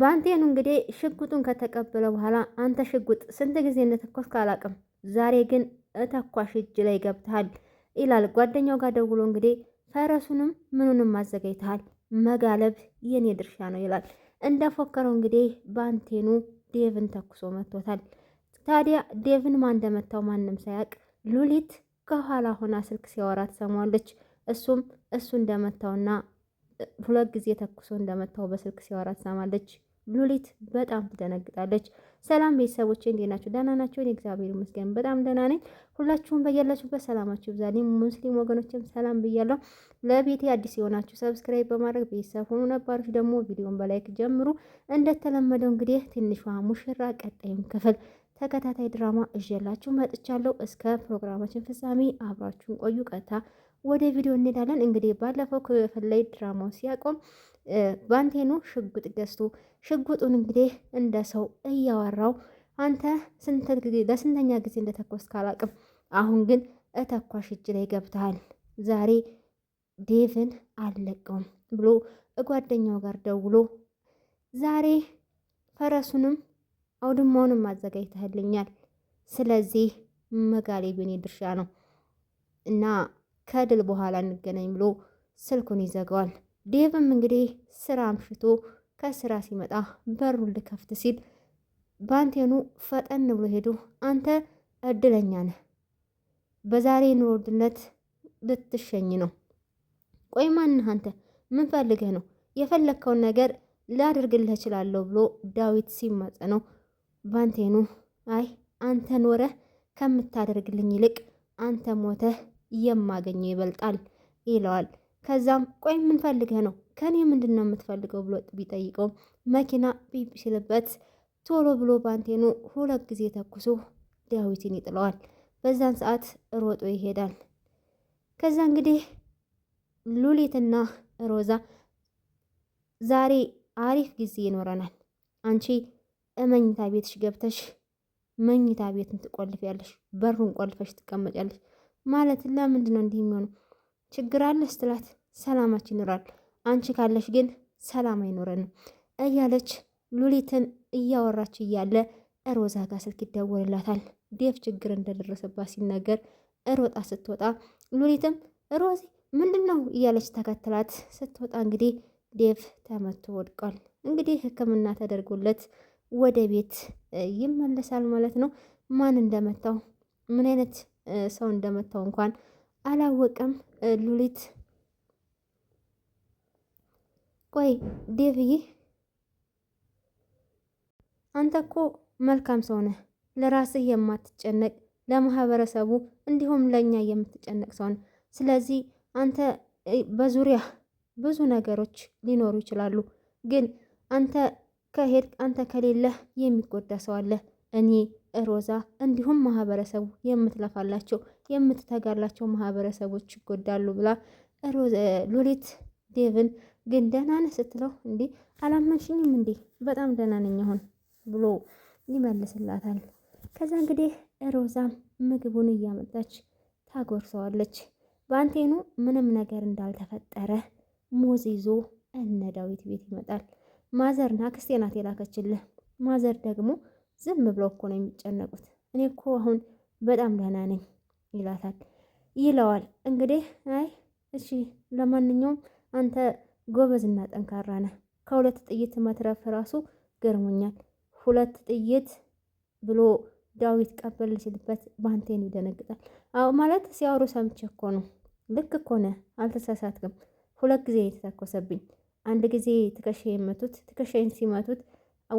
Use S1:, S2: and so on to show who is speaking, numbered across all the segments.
S1: ባንቴኑ እንግዲህ ሽጉጡን ከተቀበለ በኋላ አንተ ሽጉጥ ስንት ጊዜ እንደተኮስክ አላቅም፣ ዛሬ ግን እተኳሽ እጅ ላይ ገብተሃል ይላል። ጓደኛው ጋር ደውሎ እንግዲህ ፈረሱንም ምኑንም አዘጋጅተሃል፣ መጋለብ የኔ ድርሻ ነው ይላል። እንደፎከረው እንግዲህ ባንቴኑ ዴቭን ተኩሶ መቶታል። ታዲያ ዴቭን ማን እንደመታው ማንም ሳያውቅ ሉሊት ከኋላ ሆና ስልክ ሲያወራ ትሰማለች እሱም እሱ እንደመታውና ሁለት ጊዜ ተኩሶ እንደመታው በስልክ ሲያወራ ትሰማለች። ሉሊት በጣም ትደነግጣለች። ሰላም ቤተሰቦቼ እንዴት ናቸው? ደህና ናቸው? እግዚአብሔር ይመስገን በጣም ደህና ነኝ። ሁላችሁም በያላችሁበት ሰላማችሁ ይብዛ። ሙስሊም ወገኖችም ሰላም ብያለሁ። ለቤቴ አዲስ የሆናችሁ ሰብስክራይብ በማድረግ ቤተሰብ ሆኑ፣ ነባሮች ደግሞ ቪዲዮን በላይክ ጀምሩ። እንደተለመደው እንግዲህ ትንሿ ሙሽራ ቀጣዩን ክፍል ተከታታይ ድራማ እዤላችሁ መጥቻለሁ። እስከ ፕሮግራማችን ፍጻሜ አብራችሁን ቆዩ። ቀጥታ ወደ ቪዲዮ እንሄዳለን። እንግዲህ ባለፈው ክፍል ላይ ድራማው ሲያቆም ባንቴኑ ሽጉጥ ገዝቶ ሽጉጡን እንግዲህ እንደ ሰው እያወራው አንተ ለስንተኛ ጊዜ እንደተኮስ ካላቅም አሁን ግን እተኳሽ እጅ ላይ ገብተሃል፣ ዛሬ ዴቭን አልለቀውም ብሎ ጓደኛው ጋር ደውሎ ዛሬ ፈረሱንም አውድማውንም አዘጋጅተህልኛል። ስለዚህ መጋሌ የኔ ድርሻ ነው እና ከድል በኋላ እንገናኝ ብሎ ስልኩን ይዘጋዋል። ዴቭም እንግዲህ ስራ አምሽቶ ከስራ ሲመጣ በሩን ልከፍት ሲል ባንቴኑ ፈጠን ብሎ ሄዶ አንተ እድለኛ ነህ፣ በዛሬ ኑሮ ውድነት ልትሸኝ ነው። ቆይ ማንህ አንተ? ምን ፈልገህ ነው? የፈለግከውን ነገር ላድርግልህ እችላለሁ ብሎ ዳዊት ነው ባንቴኑ አይ አንተ ኖረህ ከምታደርግልኝ ይልቅ አንተ ሞተህ የማገኘው ይበልጣል ይለዋል። ከዛም ቆይ ምን ነው ከኔ ምንድን ነው የምትፈልገው ብሎ ቢጠይቀው መኪና ቢብ ሲልበት ቶሎ ብሎ ባንቴኑ ሁለት ጊዜ ተኩሶ ዳዊትን ይጥለዋል። በዛን ሰዓት ሮጦ ይሄዳል። ከዛ እንግዲህ ሉሊትና ሮዛ ዛሬ አሪፍ ጊዜ ይኖረናል አንቺ እመኝታ ቤትሽ ገብተሽ መኝታ ቤትን ትቆልፊያለሽ፣ በሩን ቆልፈሽ ትቀመጫለሽ። ማለት ለምንድን ነው እንዲህ የሚሆነው? ችግር አለ ስትላት ሰላማች ይኖራል፣ አንቺ ካለሽ ግን ሰላም አይኖረንም እያለች ሉሊትን እያወራች እያለ ሮዛ ጋር ስልክ ይደወልላታል። ዴፍ ችግር እንደደረሰባት ሲነገር ሮጣ ስትወጣ ሉሊትም ሮዚ ምንድን ነው እያለች ተከትላት ስትወጣ እንግዲህ ዴፍ ተመቶ ወድቋል። እንግዲህ ሕክምና ተደርጎለት ወደ ቤት ይመለሳል ማለት ነው። ማን እንደመታው ምን አይነት ሰው እንደመታው እንኳን አላወቀም። ሉሊት ቆይ ዴቭዬ አንተ እኮ መልካም ሰው ነህ። ለራስህ የማትጨነቅ ለማህበረሰቡ እንዲሁም ለእኛ የምትጨነቅ ሰው ነህ። ስለዚህ አንተ በዙሪያ ብዙ ነገሮች ሊኖሩ ይችላሉ፣ ግን አንተ ከሄድ አንተ ከሌለህ የሚጎዳ ሰው አለ። እኔ ሮዛ እንዲሁም ማህበረሰቡ የምትለፋላቸው የምትተጋላቸው ማህበረሰቦች ይጎዳሉ ብላ ሎሌት ዴቭን ግን ደህና ነህ ስትለው እንዲ አላመንሽኝም እንዴ በጣም ደህና ነኝ አሁን ብሎ ይመልስላታል። ከዛ እንግዲህ ሮዛ ምግቡን እያመጣች ታጎርሰዋለች። በአንቴኑ ምንም ነገር እንዳልተፈጠረ ሙዝ ይዞ እነ ዳዊት ቤት ይመጣል። ማዘርና አክስቴ ናት የላከችልህ። ማዘር ደግሞ ዝም ብለው እኮ ነው የሚጨነቁት። እኔ እኮ አሁን በጣም ደህና ነኝ ይላታል ይለዋል። እንግዲህ አይ እሺ፣ ለማንኛውም አንተ ጎበዝና ጠንካራ ነህ። ከሁለት ጥይት መትረፍ ራሱ ገርሞኛል። ሁለት ጥይት ብሎ ዳዊት ቀበል ሲልበት በአንቴን ይደነግጣል። አዎ ማለት ሲያወሩ ሰምቼ እኮ ነው። ልክ እኮ ነህ፣ አልተሳሳትክም። ሁለት ጊዜ የተተኮሰብኝ አንድ ጊዜ ትከሻ የመቱት ትከሻይን ሲመቱት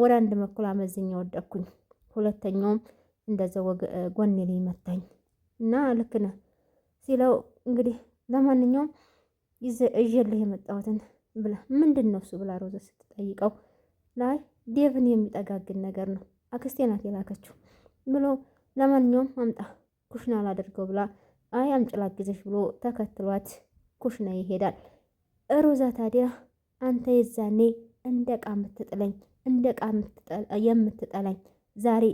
S1: ወደ አንድ በኩል አመዝኛ ወደኩኝ ሁለተኛውም እንደዛ ጎኔ ላይ መታኝ እና ልክ ነህ ሲለው እንግዲህ ለማንኛውም እየልህ የመጣሁትን ብላ ምንድን ነው እሱ ብላ ሮዘ ስትጠይቀው ላይ ዴቭን የሚጠጋግን ነገር ነው አክስቴ ናት የላከችው ብሎ ለማንኛውም አምጣ ኩሽና አላደርገው ብላ አይ አምጭላ ጊዜሽ ብሎ ተከትሏት ኩሽና ይሄዳል። ሮዛ ታዲያ አንተ የዛኔ እንደ ዕቃ የምትጥለኝ እንደ ዕቃ የምትጠላኝ ዛሬ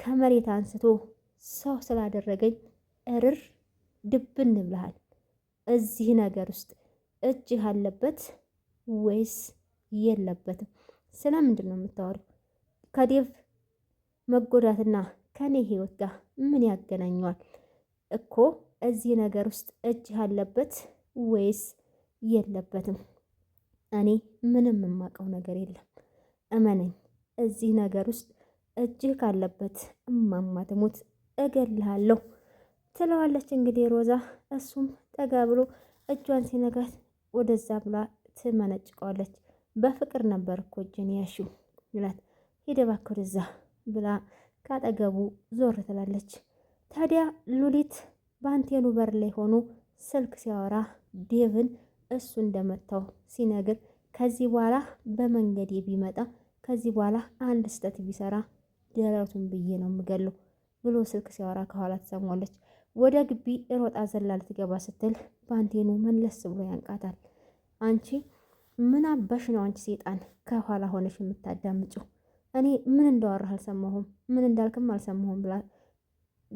S1: ከመሬት አንስቶ ሰው ስላደረገኝ እርር ድብን ብለሃል። እዚህ ነገር ውስጥ እጅህ አለበት ወይስ የለበትም? ስለምንድን ነው የምታወሪው? ከዴቭ መጎዳትና ከኔ ህይወት ጋር ምን ያገናኘዋል? እኮ እዚህ ነገር ውስጥ እጅህ አለበት ወይስ የለበትም? እኔ ምንም የማውቀው ነገር የለም። እመነኝ፣ እዚህ ነገር ውስጥ እጅህ ካለበት እማማ ትሙት እገልሃለሁ ትለዋለች። እንግዲህ ሮዛ እሱም ጠጋ ብሎ እጇን ሲነጋት ወደዛ ብላ ትመነጭቀዋለች። በፍቅር ነበር እኮ እጅን ይላት። ሂድ እባክህ ወደዛ ብላ ካጠገቡ ዞር ትላለች። ታዲያ ሉሊት በአንቴኑ በር ላይ ሆኖ ስልክ ሲያወራ ዴቭን እሱ እንደመታው ሲነግር ከዚህ በኋላ በመንገዴ ቢመጣ ከዚህ በኋላ አንድ ስህተት ቢሰራ ደረቱን ብዬ ነው የምገለው ብሎ ስልክ ሲያወራ ከኋላ ትሰማለች። ወደ ግቢ ሮጣ ዘላ ልትገባ ስትል ባንቴኑ መለስ ብሎ ያንቃታል። አንቺ ምን አባሽ ነው አንቺ ሴጣን ከኋላ ሆነሽ የምታዳምጩ? እኔ ምን እንዳወራህ አልሰማሁም፣ ምን እንዳልክም አልሰማሁም ብላ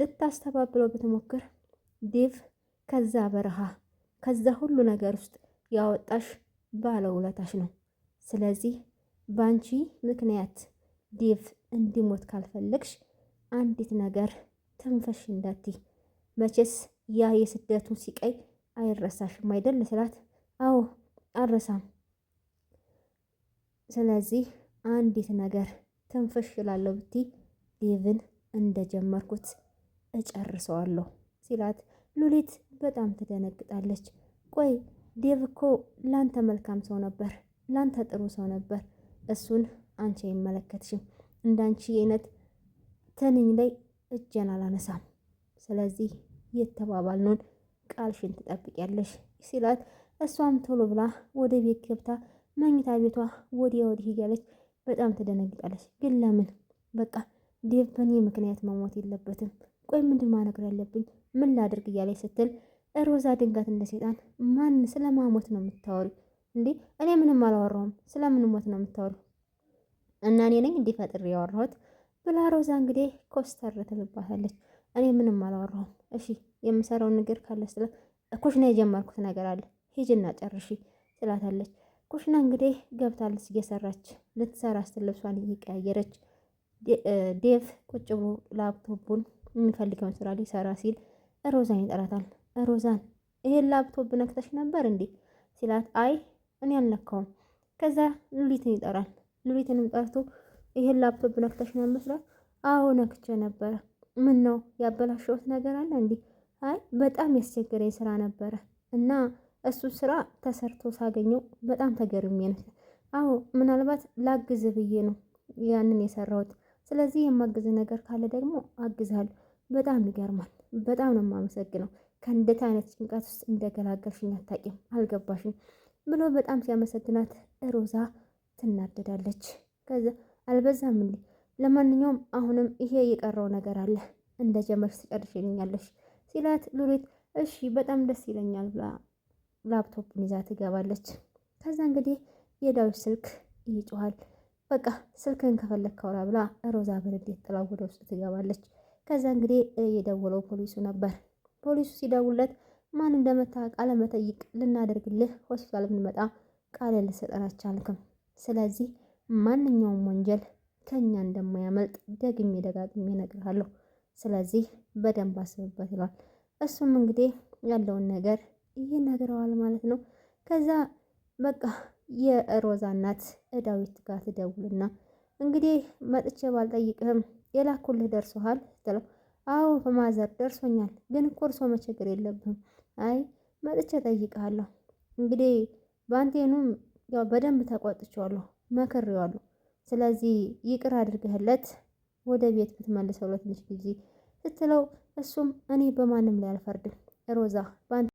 S1: ልታስተባብለው ብትሞክር ዴቭ ከዛ በረሃ ከዛ ሁሉ ነገር ውስጥ ያወጣሽ ባለውለታሽ ነው። ስለዚህ ባንቺ ምክንያት ዴቭ እንዲሞት ካልፈለግሽ አንዲት ነገር ትንፈሽ እንዳቲ መቼስ ያ የስደቱን ሲቀይ አይረሳሽም አይደል ስላት፣ አዎ አረሳም። ስለዚህ አንዲት ነገር ትንፍሽ እላለሁ ዴቭን እንደጀመርኩት እጨርሰዋለሁ ሲላት ሉሊት በጣም ትደነግጣለች። ቆይ ዴቭ እኮ ላንተ መልካም ሰው ነበር፣ ላንተ ጥሩ ሰው ነበር። እሱን አንቺ አይመለከትሽም። እንዳንቺ አይነት ትንኝ ላይ እጄን አላነሳም። ስለዚህ የተባባልነውን ቃልሽን ትጠብቂያለሽ ሲላት እሷም ቶሎ ብላ ወደ ቤት ገብታ መኝታ ቤቷ ወዲያ ወዲህ እያለች በጣም ትደነግጣለች። ግን ለምን በቃ ዴቭ በእኔ ምክንያት መሞት የለበትም። ቆይ ምንድን ማነግር ያለብኝ ምን ላድርግ እያለች ስትል ሮዛ ድንጋት እንደ ሴጣን ማን ስለማሞት ነው የምታወሪ እንዴ? እኔ ምንም አላወራውም። ስለምን ሞት ነው የምታወሪ? እና እኔ ነኝ እንዲህ ፈጥሬ ያወራሁት ብላ ሮዛ እንግዲህ ኮስተር ትልባታለች። እኔ ምንም አላወራሁም። እሺ የምሰራውን ነገር ካለ ስለ ኩሽና የጀመርኩት ነገር አለ ሂጅና ጨርሺ ትላታለች። ኩሽና እንግዲህ ገብታለች እየሰራች ልትሰራ ስትል ልብሷን እየቀያየረች ዴቭ ቁጭ ብሎ ላፕቶፑን የሚፈልገውን ስራ ሊሰራ ሲል ሮዛን ይጠራታል። ሮዛን ይሄን ላፕቶፕ ነክተሽ ነበር እንዴ ሲላት፣ አይ እኔ አልነካውም። ከዛ ሉሊትን ይጠራል። ሉሊትንም ጠርቶ ይሄን ላፕቶፕ ነክተሽ ነበር ሲላት፣ አዎ ነክቼ ነበረ። ምን ነው ያበላሸሁት ነገር አለ እንዴ? አይ በጣም ያስቸገረኝ ስራ ነበረ እና እሱ ስራ ተሰርቶ ሳገኘው በጣም ተገርሜ ነው። አዎ ምናልባት ላግዝ ብዬ ነው ያንን የሰራሁት። ስለዚህ የማግዝ ነገር ካለ ደግሞ አግዛለሁ። በጣም ይገርማል። በጣም ነው የማመሰግነው። ከእንደት አይነት ጭንቀት ውስጥ እንደገላገልሽኝ አታውቂም፣ አልገባሽም ብሎ በጣም ሲያመሰግናት ሮዛ ትናደዳለች። ከዛ አልበዛም እንዴ? ለማንኛውም አሁንም ይሄ የቀረው ነገር አለ እንደ ጀመርሽ ስጨርሽ ሲላት ሉሊት እሺ በጣም ደስ ይለኛል ብላ ላፕቶፕን ይዛ ትገባለች። ከዛ እንግዲህ የዳዊት ስልክ ይጮኋል። በቃ ስልክን ከፈለግ ካውራ ብላ ሮዛ በንዴት ጥላ ወደ ውስጥ ትገባለች። ከዛ እንግዲህ የደወለው ፖሊሱ ነበር። ፖሊሱ ሲደውለት ማን እንደመታ ቃለ መጠይቅ ልናደርግልህ ሆስፒታል ብንመጣ ቃል ልሰጠን አልቻልክም። ስለዚህ ማንኛውም ወንጀል ከኛ እንደማያመልጥ ደግሜ ደጋግሜ እነግርሃለሁ። ስለዚህ በደንብ አስብበት ይሏል። እሱም እንግዲህ ያለውን ነገር ይነግረዋል ማለት ነው። ከዛ በቃ የሮዛ እናት እዳዊት ጋር ትደውልና እንግዲህ መጥቼ ባልጠይቅህም የላኩልህ ደርሶሃል ትለው አዎ ማዘር ደርሶኛል። ግን እኮ እርሶ መቸገር የለብህም። አይ መጥቼ ጠይቀሃለሁ። እንግዲህ ባንቴኑም ያው በደንብ ተቆጥቼዋለሁ፣ መክሬዋለሁ። ስለዚህ ይቅር አድርገህለት ወደ ቤት ብትመልሰው ለትንሽ ጊዜ ስትለው እሱም እኔ በማንም ላይ አልፈርድም ሮዛ